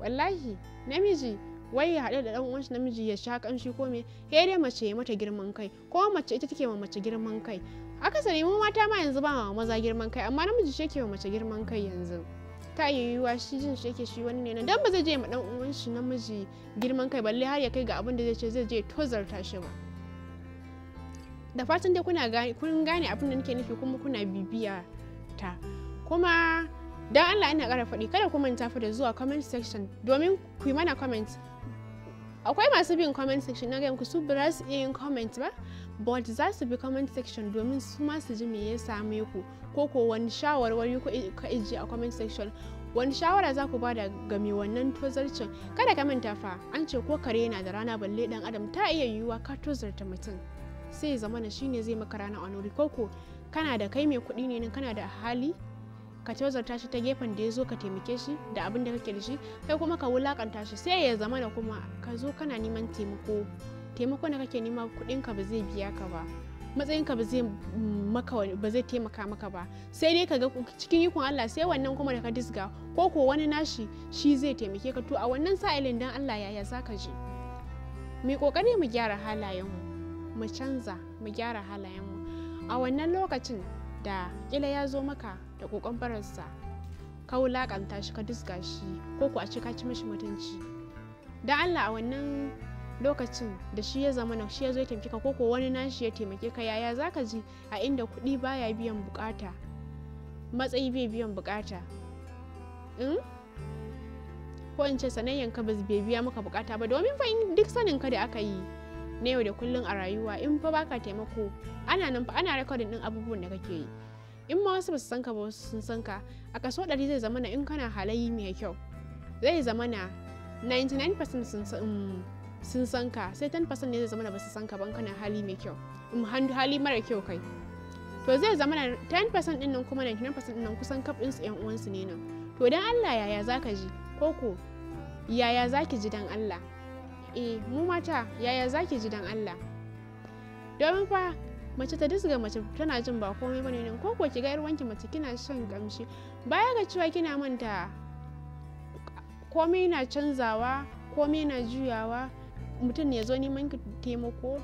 wallahi namiji wai ya haɗu da ɗan uwansa namiji ya sha ƙanshi ko me he dai mace ya mata girman kai ko mace ita take ma mace girman kai akasari mu mata ma yanzu ba ma maza girman kai amma namiji shi yake ma mace girman kai yanzu ta yi yiwuwa shi jin shi yake shi wani ne dan ba zai je ma dan uwan namiji girman kai balle har ya kai ga abin da zai ce zai je tozarta shi ba da fatan dai kuna kun gane abin da nake nufi kuma kuna bibiya ta kuma don Allah ina kara faɗi kada ku manta fa da zuwa comment section domin ku yi mana comment akwai masu bin comment section na ku su ba su iya yin comment ba but za su bi comment section domin su ma su ji me ya same ku ko ko wani shawarwari ka ijiye a comment section wani shawara za ku ba da game wannan tozarcin kada ka manta fa an ce ko kare yana da rana balle dan adam ta iya yiwuwa ka tozarta mutum sai zamana shine zai maka rana a nuri ko ko kana da kai mai kuɗi ne kana da hali ka tozarta shi ta gefen da ya zo ka taimake shi da abin da kake da shi kai kuma ka wulakanta shi sai ya zama da kuma ka zo kana neman taimako taimako da kake nema kuɗinka ba zai biya ka ba matsayinka ba zai maka ba zai taimaka maka ba sai dai ka ga cikin ikon Allah sai wannan kuma da ka disga ko ko wani nashi shi zai taimake ka to a wannan sa'ilin dan Allah yaya zaka ji mu kokari mu gyara halayenmu mu canza mu gyara halayenmu a wannan lokacin da kila ya zo maka da kokon bararsa ka wulakanta shi ka dusga shi ko ku a ci ka ci mishi mutunci da Allah a wannan lokacin da shi ya zama na shi ya zo ya taimake ka ko ko wani nashi ya taimake ka yaya ka ji a inda kuɗi baya biyan bukata matsayi bai biyan bukata hmm? ko in ce sanayyan ba bai biya maka bukata ba domin fa duk sanin ka da aka yi na yau da kullun a rayuwa in fa baka taimako ana nan fa ana rekodin din abubuwan da kake yi in ma wasu basu san ka ba wasu sun san ka a kaso ɗari zai zamana in kana halayi mai kyau zai zamana 99% um, sun san ka sai 10% ne zai zamana basu san ka ban kana hali mai kyau in um, hali mara kyau kai to zai zamana 10% din nan kuma 99% din nan kusan kaf ɗinsu 'yan uwansu ne nan to dan Allah yaya zaka ji ko ko yaya zaki ji dan Allah e mu mata yaya za ki ji dan Allah domin fa mace ta disga mace tana jin ba komai bane ne ko ko ki ga wanki mace kina shan kamshi baya ga cewa kina manta komai na canzawa komai na juyawa mutum ne zo neman taimako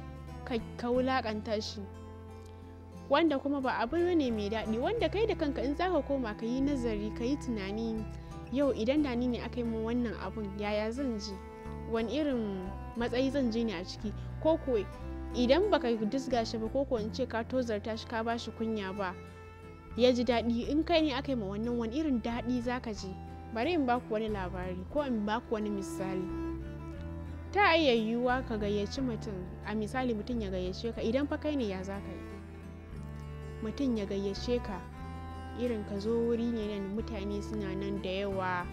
ka wulakanta shi wanda kuma ba abu ne mai daɗi wanda kai da kanka in zaka koma ka yi nazari ka yi tunani yau idan da ni ne aka yi wannan abun yaya zan ji wani irin matsayi zan je ne a ciki ko kuwa idan baka disga shi ba ko kuwa in ce ka tozarta shi ka bashi kunya ba ya ji daɗi in kai ne aka yi ma wannan wani irin daɗi zaka ji bari in baku wani labari ko in baku wani misali ta iya yiwuwa ka gayyaci mutum a misali mutum ya gayyace ka idan fa kai ne ya zaka yi mutum ya gayyace ka irin ka zo wuri ne nan mutane suna nan da yawa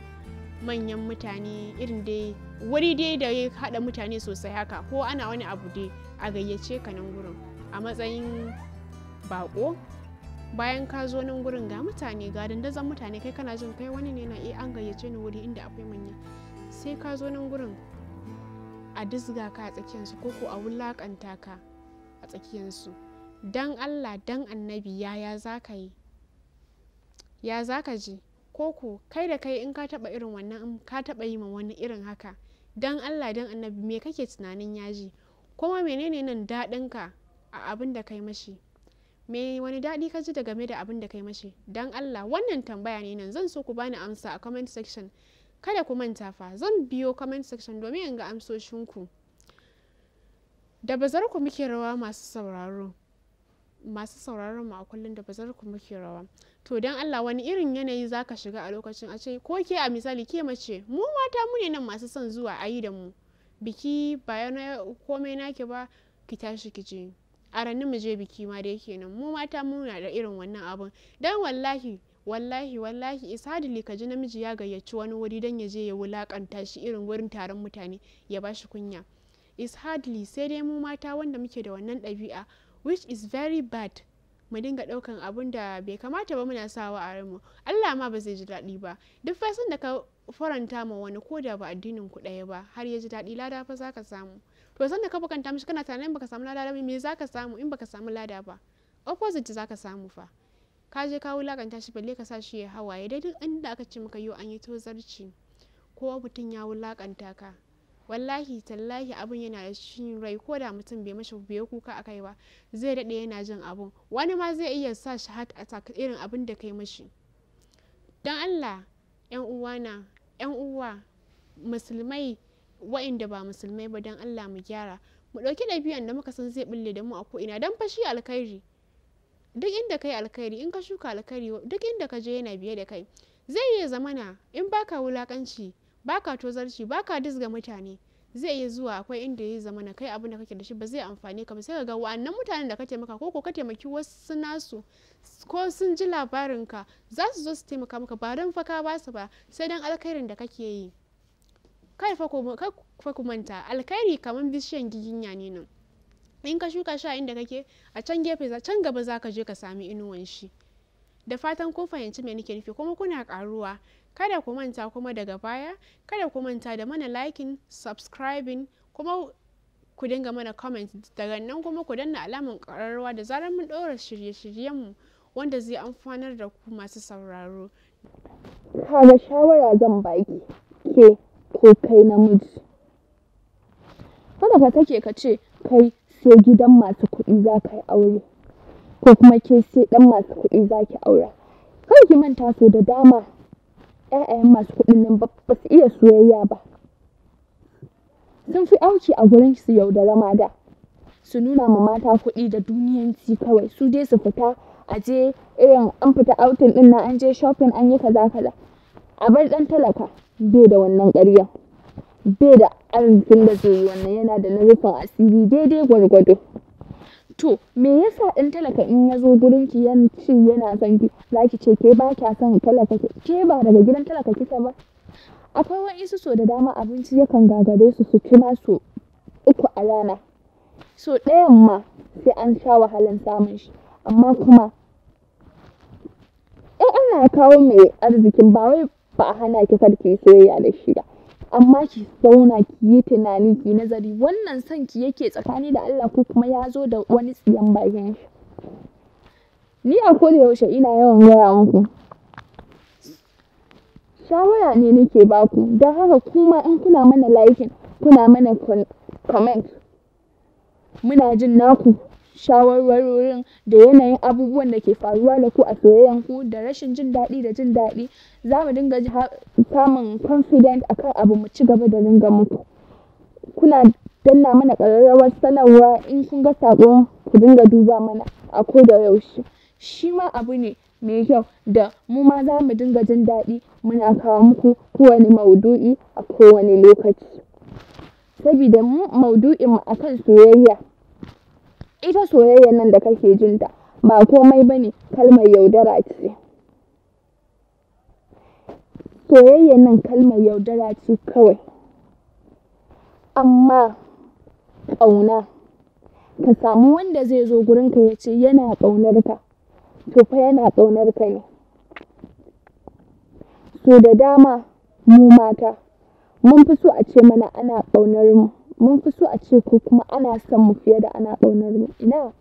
manyan mutane irin dai wuri dai da ya haɗa mutane sosai haka ko ana wani abu dai a gayyace ka nan gurin a matsayin bako bayan ka zo nan gurin ga mutane ga dandazon mutane kai kana jin kai wani ne na iya eh, an gayyace ni wuri inda akwai manya sai ka zo nan gurin a dizga ka a tsakiyarsu ko ko a wulakanta ka a tsakiyarsu dan allah dan annabi yaya za ka yi ya za ka ji ko ku kai da kai in ka taɓa irin wannan in ka taɓa yi ma wani irin haka dan Allah dan annabi me kake tunanin yaji ji kuma menene nan ka a abin da kai mashi me wani daɗi ka ji da game da abin da kai mashi dan Allah wannan tambaya ne nan zan so ku bani amsa a comment section kada ku manta fa zan biyo comment section domin in ga amsoshinku da bazar ku muke rawa masu sauraro masu sauraron mu a kullum da bazar ku muke rawa to dan Allah wani irin yanayi zaka shiga a lokacin a ce ko ke a misali ke mace mu mata mu nan masu son zuwa ayi da mu biki ba yana komai naki ba ki tashi ki je a ranar mu je biki ma da yake nan. mu mata muna da irin wannan abun dan wallahi wallahi wallahi isadili ka ji namiji ya gayyaci wani wuri don ya je ya wulakanta shi irin wurin taron mutane ya bashi kunya. Is hardly sai dai mu mata wanda muke da wannan ɗabi'a which is very bad mu dinga daukan abun da bai kamata ba muna sawa a ranmu Allah ma ba zai ji daɗi ba duk fasin da ka faranta ma wani ko da ba addinin ku ɗaya ba har ya ji daɗi lada fa zaka samu to sanda ka bukanta mishi kana tunanin baka samu lada ba me zaka samu in baka samu lada ba opposite zaka samu fa ka je ka wulakanta shi balle ka sa shi ya hawaye dai duk inda aka ce maka yau an yi tozarci ko mutum ya wulakanta ka wallahi tallahi abin yana da shi rai ko da mutum bai mashi bai kuka kai ba zai daɗe yana jin abun wani ma zai iya sa shi hat attack irin abin da kai mashi don allah yan uwana yan uwa musulmai wa'inda ba musulmai ba don allah mu gyara mu ɗauki ɗabi'an da muka san zai bulle da mu a ko'ina don fashi alkhairi duk inda kai alkhairi in ka shuka alkhairi duk inda ka je yana biye da kai zai iya zamana in baka wulakanci baka tozarci baka ka disga mutane zai iya zuwa akwai inda ya zama na kai abin da kake da shi ba zai amfani ka ba sai ga wa'annan mutanen da ka taimaka ko ka taimaki wasu nasu ko sun ji labarinka za su zo su taimaka maka ba don faka ba su ba sai don alkhairin da kake yi kai fa ku manta alkhairi kamar bishiyan giginya ne nan in ka shuka shi a inda kake a can gefe can gaba za ka je ka sami inuwan shi da fatan kun fahimci me nake nufi kuma kuna karuwa kada ku manta kuma daga baya kada ku manta da mana liking subscribing kuma ku dinga mana comment daga nan kuma ku danna alamun ƙararrawa da zarar mun ɗora shirye-shiryenmu wanda zai amfanar da ku masu sauraro. kama shawara zan baki ke ko kai namiji. Kada ka take ka ce kai sai gidan masu kuɗi za ka yi aure. ko kuma ke sai ɗan masu kuɗi za ki aura. Kar ki manta so da dama ‘ya'yayen masu kuɗin nan ba su iya soyayya ba. Sun fi auki a gurin su yaudara da da. Su nuna ma mata kuɗi da duniyanci kawai su dai su fita a je irin an fita autin ɗin na an je shopping an yi kaza kaza. A bar ɗan talaka bai da wannan ƙarya Bai da arzikin da zai yi wannan yana da na rufin asiri daidai gwargwado. To, me yasa in talaka in ya zo gurin ki yan shi yana son ki, za ki ce ke ba kya son talaka ke ba daga gidan talaka kika ba? Akwai wa'insu so da dama abinci yakan gagare su su ci su uku a rana. So ɗayan ma sai an sha wahalan samun shi, amma kuma in ana ya kawo mai arzikin ba wai ba a hana ki kar soyayya da shi amma ki sauna ki yi tunani ki nazari wannan son ki yake tsakani da Allah ko kuma ya zo da wani tsiyan bayan shi ni a koda yaushe ina yawan gaya muku shawara ne nake baku don haka kuma in kuna mana liking kuna mana comment muna jin naku shawarwarorin da yanayin abubuwan da ke faruwa da ku a ku da rashin jin daɗi da jin daɗi za mu dinga samun confident akan abu mu ci gaba da dinga muku kuna danna mana ƙararrawar sanarwa in kun ga saƙo ku dinga duba mana a da yaushe shi ma abu ne mai kyau da mu ma za mu dinga jin daɗi muna kawo muku kowane maudu'i a kowane lokaci sabida mu mu akan soyayya ita soyayyar nan da kake jinta ba komai ba ne kalmar yaudara ce soyayyar nan kalmar yaudara ce kawai amma ƙauna ka samu wanda zai zo gurinka ya ce yana ƙaunar ka to fa yana ƙaunar ka ne so da dama mu mata mun fi so a ce mana ana ƙaunar mu mun fi so a ce ko kuma ana son mu fiye da ana ƙaunar mu ina